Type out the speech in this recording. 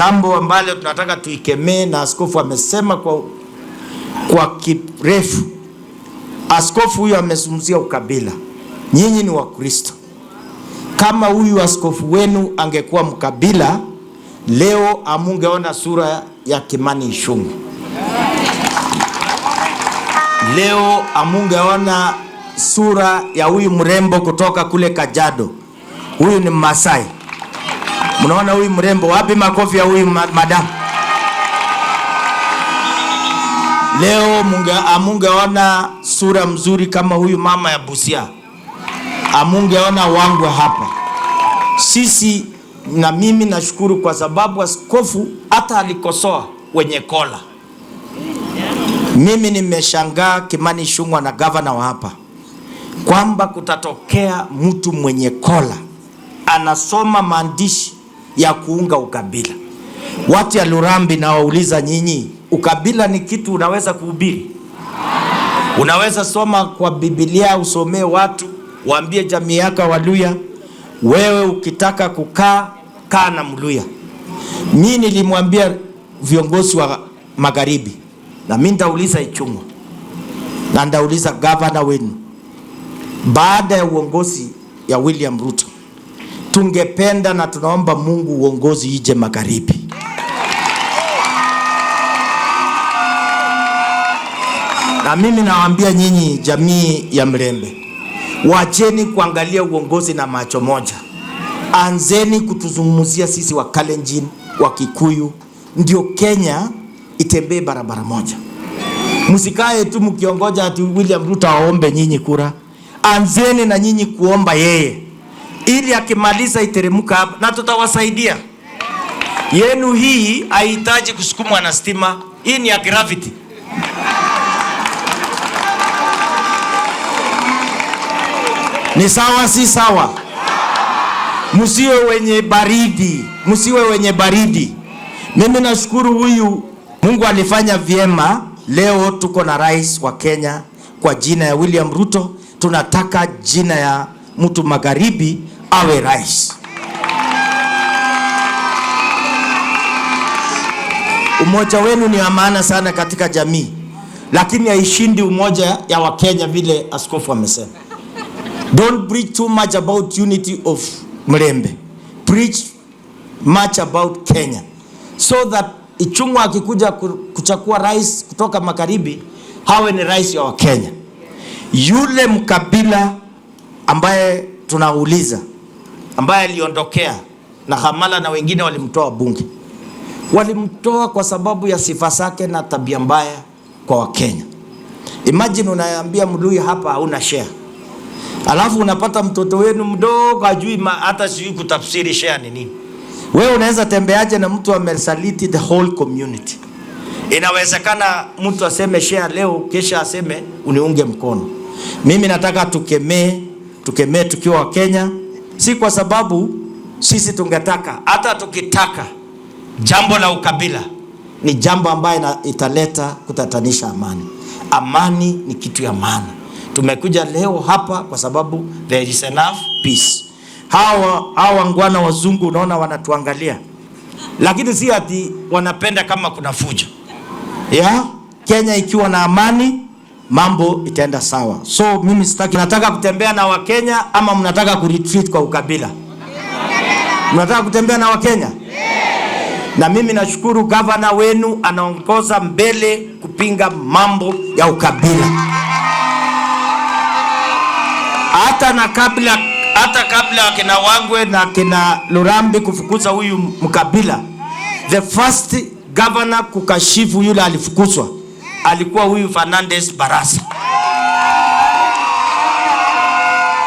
jambo ambalo tunataka tuikemee, na askofu amesema kwa, kwa kirefu. Askofu huyu amezungumzia ukabila. Nyinyi ni Wakristo. Kama huyu askofu wenu angekuwa mkabila, leo amungeona sura ya Kimani Ichung'wah, leo amungeona sura ya huyu mrembo kutoka kule kajado Huyu ni Masai. Mnaona huyu mrembo, wapi makofi ya huyu madamu? Leo munga amungeona sura mzuri kama huyu mama ya Busia, amungeona wangu hapa. Sisi na mimi nashukuru kwa sababu askofu hata alikosoa wenye kola. Mimi nimeshangaa Kimani shungwa na gavana wa hapa kwamba kutatokea mtu mwenye kola anasoma maandishi ya kuunga ukabila. Watu ya Lurambi nawauliza nyinyi, ukabila ni kitu unaweza kuhubiri? Unaweza soma kwa Biblia, usomee watu, waambie jamii yako Waluya, wewe ukitaka kukaa kaa na Mluya. Mimi nilimwambia viongozi wa magharibi, na mimi nitauliza Ichungwa na ndauliza gavana wenu baada ya uongozi ya William Ruto tungependa na tunaomba Mungu uongozi ije magharibi. Na mimi nawaambia nyinyi, jamii ya Mlembe, wacheni kuangalia uongozi na macho moja, anzeni kutuzungumzia sisi wa Kalenjin, wa Kikuyu, ndio Kenya itembee barabara moja. Msikae tu mkiongoja ati William Ruto aombe nyinyi kura, anzeni na nyinyi kuomba yeye ili akimaliza iteremuka hapa, na tutawasaidia yenu. Hii haihitaji kusukumwa na stima, hii ni ya gravity. Ni sawa, si sawa? Msiwe wenye baridi, msiwe wenye baridi. Mimi nashukuru huyu Mungu alifanya vyema. Leo tuko na rais wa Kenya kwa jina ya William Ruto. Tunataka jina ya mtu magharibi awe rais. Umoja wenu ni maana sana katika jamii, lakini haishindi umoja ya Wakenya vile askofu amesema. Don't preach too much about unity of Mrembe. Preach much about Kenya so that Ichung'wa akikuja kuchakua rais kutoka magharibi hawe ni rais wa Wakenya. Yule mkabila ambaye tunauliza ambaye aliondokea na Hamala na wengine walimtoa bunge. Walimtoa kwa sababu ya sifa zake na tabia mbaya kwa Wakenya. Imagine unaambia mdui hapa hauna share, alafu unapata mtoto wenu mdogo ajui hata sijui kutafsiri share ni nini. Wewe unaweza tembeaje na mtu amesaliti the whole community? Inawezekana mtu aseme share leo, kesha aseme uniunge mkono. Mimi nataka tukemee, tukemee tukiwa Wakenya si kwa sababu sisi tungetaka. Hata tukitaka, jambo la ukabila ni jambo ambayo italeta kutatanisha amani. Amani ni kitu ya maana. Tumekuja leo hapa kwa sababu there is enough peace. Hawa hawa ngwana wazungu unaona wanatuangalia, lakini si ati wanapenda kama kuna fujo ya Kenya ikiwa na amani mambo itaenda sawa. So mimi sitaki, nataka kutembea na Wakenya ama mnataka kuretreat kwa ukabila? Mnataka kutembea na Wakenya? Na mimi nashukuru gavana wenu anaongoza mbele kupinga mambo ya ukabila. Hata na kabla hata kabla akina Wangwe na kina Lurambi kufukuza huyu mkabila, the first governor kukashifu yule alifukuzwa alikuwa huyu fernandez Barasa.